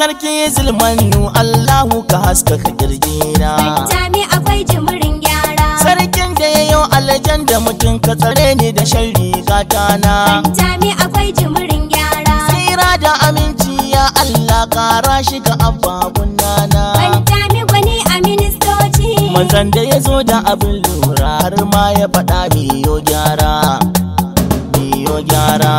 sarki zulmanu Allahu ka haskaka kirjina Jami akwai jimirin gyara Sarkin da ya yau aljan da mutum ka tsare ni da shan riga na Jami akwai jimirin gyara Tsira da aminci ya Allah kara shi ga ababun nana Jami gwani a ministoci Manzan da ya zo da abin lura har ma ya faɗa biyo gyara biyo gyara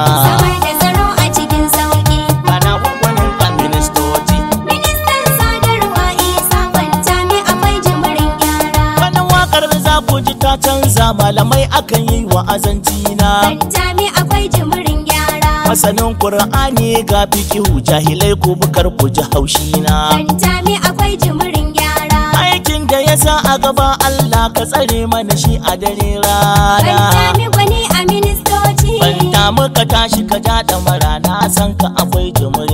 kuji ta canza malamai akan yi azanci na jami akwai jimirin gyara masanin Kur'ani ga fikihu jahilai ko bukar kuji haushi na jami akwai jimirin gyara aikin da ya sa a gaba Allah ka tsare mana shi a dare rana jami gwani a ministoci ban ta muka tashi ka ja da mara san ka akwai jimirin